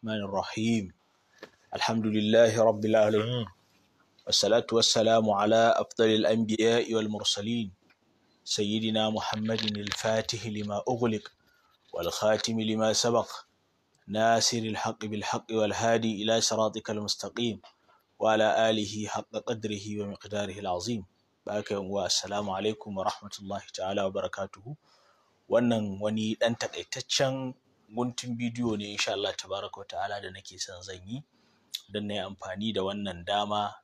الرحمن الرحيم الحمد لله رب العالمين والصلاة والسلام على أفضل الأنبياء والمرسلين سيدنا محمد الفاتح لما أغلق والخاتم لما سبق ناصر الحق بالحق والهادي إلى صراطك المستقيم وعلى آله حق قدره ومقداره العظيم baka yawa assalamu alaikum wa rahmatullahi ta'ala wa barakatuhu wannan wani ɗan takaitaccen guntun bidiyo ne insha Allah tabaraka ta'ala da nake son zan yi don na amfani da wannan dama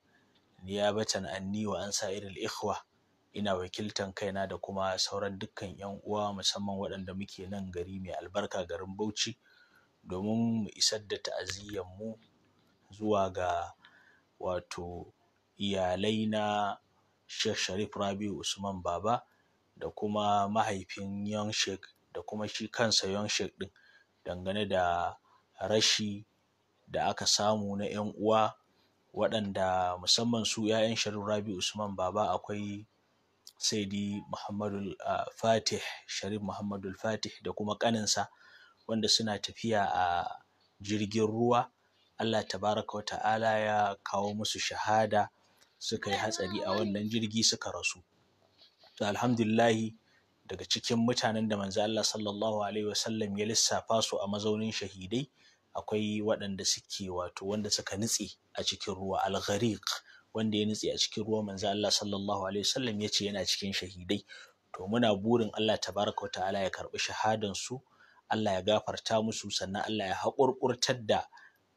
niyabatan anni wa an sa'iril ikhwa ina wakiltan kaina da kuma sauran dukkan yan uwa musamman waɗanda muke nan gari mai albarka garin Bauchi domin mu isar da ta'aziyyar mu zuwa ga wato iyalai na Sheikh Sharif Rabi Usman Baba da kuma mahaifin Young Sheikh da kuma shi kansa Young Sheikh ɗin dangane da rashi da aka samu na 'yan uwa waɗanda musamman su 'ya'yan Sharif Rabi Usman Baba akwai Saidi Muhammadu Fatih Sharif Muhammadu Fatih da kuma ƙaninsa wanda suna tafiya a jirgin ruwa Allah tabaraka wa ta'ala ya kawo musu shahada suka yi hatsari a wannan jirgi suka rasu to alhamdulillahi daga cikin mutanen da manzo Allah sallallahu alaihi wasallam ya lissafa su a mazaunin shahidai akwai waɗanda suke wato wanda suka nutse a cikin ruwa al-ghariq wanda ya nutse a cikin ruwa manzo Allah sallallahu alaihi wasallam ya ce yana cikin shahidai to muna burin Allah tabaraka wa ta'ala ya karbi shahadan su Allah ya gafarta musu sannan Allah ya haƙurƙurtar da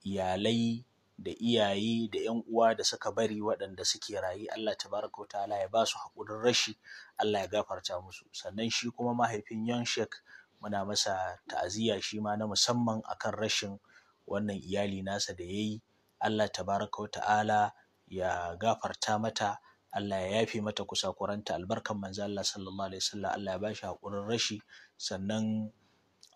iyalai da iyaye da ‘yan uwa da suka bari waɗanda suke raye Allah tabaraka ta'ala ya ba su haƙurin rashi Allah ya gafarta musu sannan shi kuma mahaifin shek muna masa ta'aziyya shi ma na musamman akan rashin wannan iyali nasa da ya yi, Allah tabaraka ta'ala ya gafarta mata Allah ya yafe mata kusa kuranta albarkan manzo Allah sallallahu alaihi wasallam Allah ya bashi haƙurin rashi sannan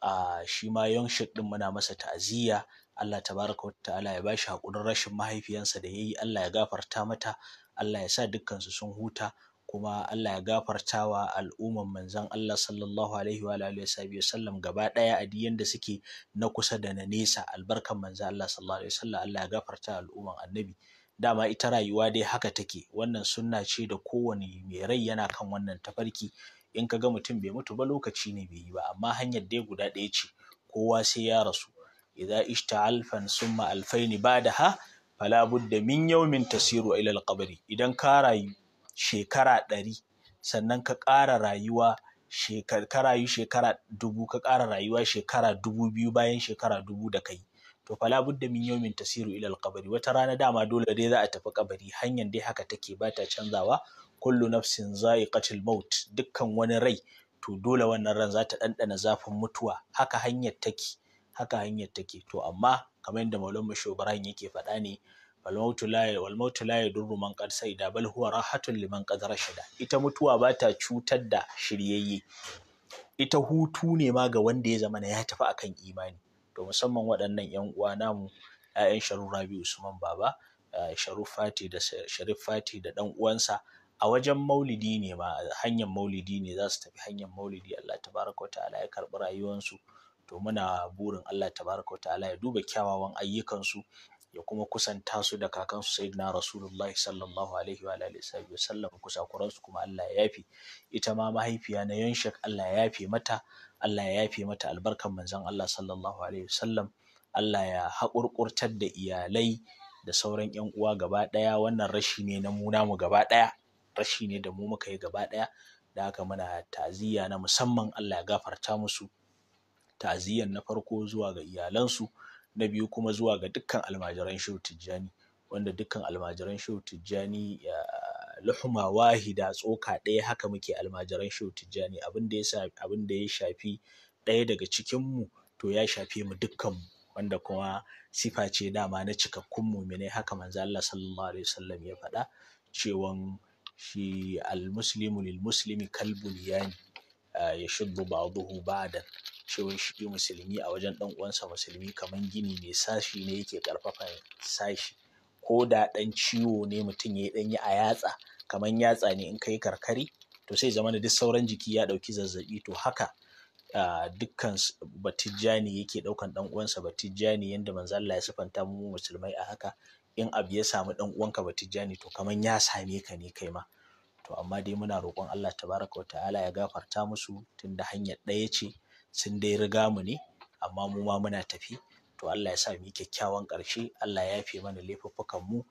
a shi ma yonshik din muna masa ta'aziyya Allah tabaraka wa ta'ala ya shi hakurin rashin mahaifiyansa da ya yi. Allah ya gafarta mata Allah ya sa dukkan sun huta kuma Allah ya gafarta wa al'umman manzon Allah sallallahu alaihi wa alihi wasallam gaba daya a diyan da suke na kusa da na nesa albarkan manzon Allah sallallahu alaihi wasallam Allah ya gafarta al'umman annabi dama ita rayuwa dai haka take wannan sunna ce da kowane mai rai yana kan wannan tafarki in ka ga mutum bai mutu ba lokaci ne bai yi ba amma hanyar dai guda ɗaya ce kowa sai ya rasu idza ishta alfan summa alfaini badaha fala budda min yawmin tasiru ila alqabr idan ka rayu shekara ɗari sannan ka ƙara rayuwa ka rayu shekara dubu ka ƙara rayuwa shekara dubu biyu bayan shekara dubu da kai to fala budda min yawmin tasiru ila alqabr wata rana dama dole dai za a tafi kabari hanyar dai haka take ba ta canzawa kullu nafsin za'iqatul maut dukkan wani rai to dole wannan ran za ta ɗanɗana zafin mutuwa haka hanyar take haka hanyar take to amma kamar yadda Maulana Masho Ibrahim yake faɗa ne wal mautu la wal mautu la yadurru man qad saida bal huwa liman qad shida. ita mutuwa ba ta cutar da shiryayye ita hutu ne ma ga wanda ya zama ya tafi akan imani to musamman waɗannan 'yan uwa namu ƴaƴan sharu Rabi Usman Baba eh, Sharif da Sharif Fati da ɗan uwansa a wajen maulidi ne ma hanyar maulidi ne za su tafi hanyar maulidi Allah tabaraka ta'ala ya karɓi rayuwansu to muna burin Allah tabaraka ta'ala ya duba kyawawan ayyukansu ya kuma kusanta su da kakansu sayyidina rasulullahi sallallahu alaihi wa alihi wa sallam Kusa kuransu kuma Allah ya yafi ita ma mahaifiya na yanshak Allah ya yafi mata Allah ya yafi mata albarkan manzon Allah sallallahu alaihi wa sallam Allah ya haƙurƙurtar da iyalai da sauran 'yan uwa gaba ɗaya wannan rashi ne na muna mu gaba ɗaya rashi ne da mu muka yi gaba ɗaya da haka muna ta'aziyya na musamman Allah ya gafarta musu ta'aziyyan na farko zuwa ga iyalansu na biyu kuma zuwa ga dukkan almajiran shehu tijjani wanda dukkan almajiran shehu tijjani luhuma wahida tsoka ɗaya haka muke almajiran shehu tijjani abin da ya shafi ɗaya daga cikin mu to ya shafe mu dukkan mu wanda kuma sifa ce dama na cikakkun muminai haka manzo Allah sallallahu alaihi wasallam ya faɗa cewan shi almuslimu lil muslimi kalbun yani ah, ya shuddu ba shi cewa shi musulmi a wajen dan uwansa musulmi kaman gini ne sashi ne yake karfafa sashi ko da dan ciwo ne mutum ya dan yi a yatsa kaman yatsa ne in kai karkari to sai zama duk sauran jiki ya dauki zazzabi to haka ah, dukkan batijjani yake daukan dan uwansa batijjani yanda manzo Allah ya sifanta mu musulmai a haka in abu ya samu ɗan uwanka tijjani to kamar ya same ka ne kai ma to amma dai muna roƙon Allah tabaraka wa ta'ala ya gafarta musu tunda hanyar ɗaya ce sun dai riga mu ne amma mu ma muna tafi to Allah ya sa mu kyakkyawan ƙarshe Allah ya yafe mana laifuffukan mu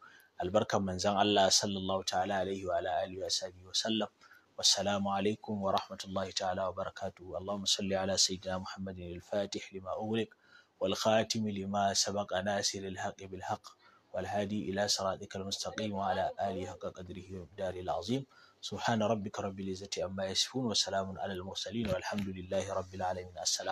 albarkan manzon Allah sallallahu ta'ala alaihi wa alihi wa sahbihi wa sallam والسلام عليكم ورحمة الله تعالى وبركاته اللهم صل على سيدنا محمد الفاتح لما أغلق والخاتم لما سبق الحق بالحق والهادي إلى صراطك المستقيم وعلى آله حق قدره ومقداره العظيم سبحان ربك رب العزة عما يصفون وسلام على المرسلين والحمد لله رب العالمين السلام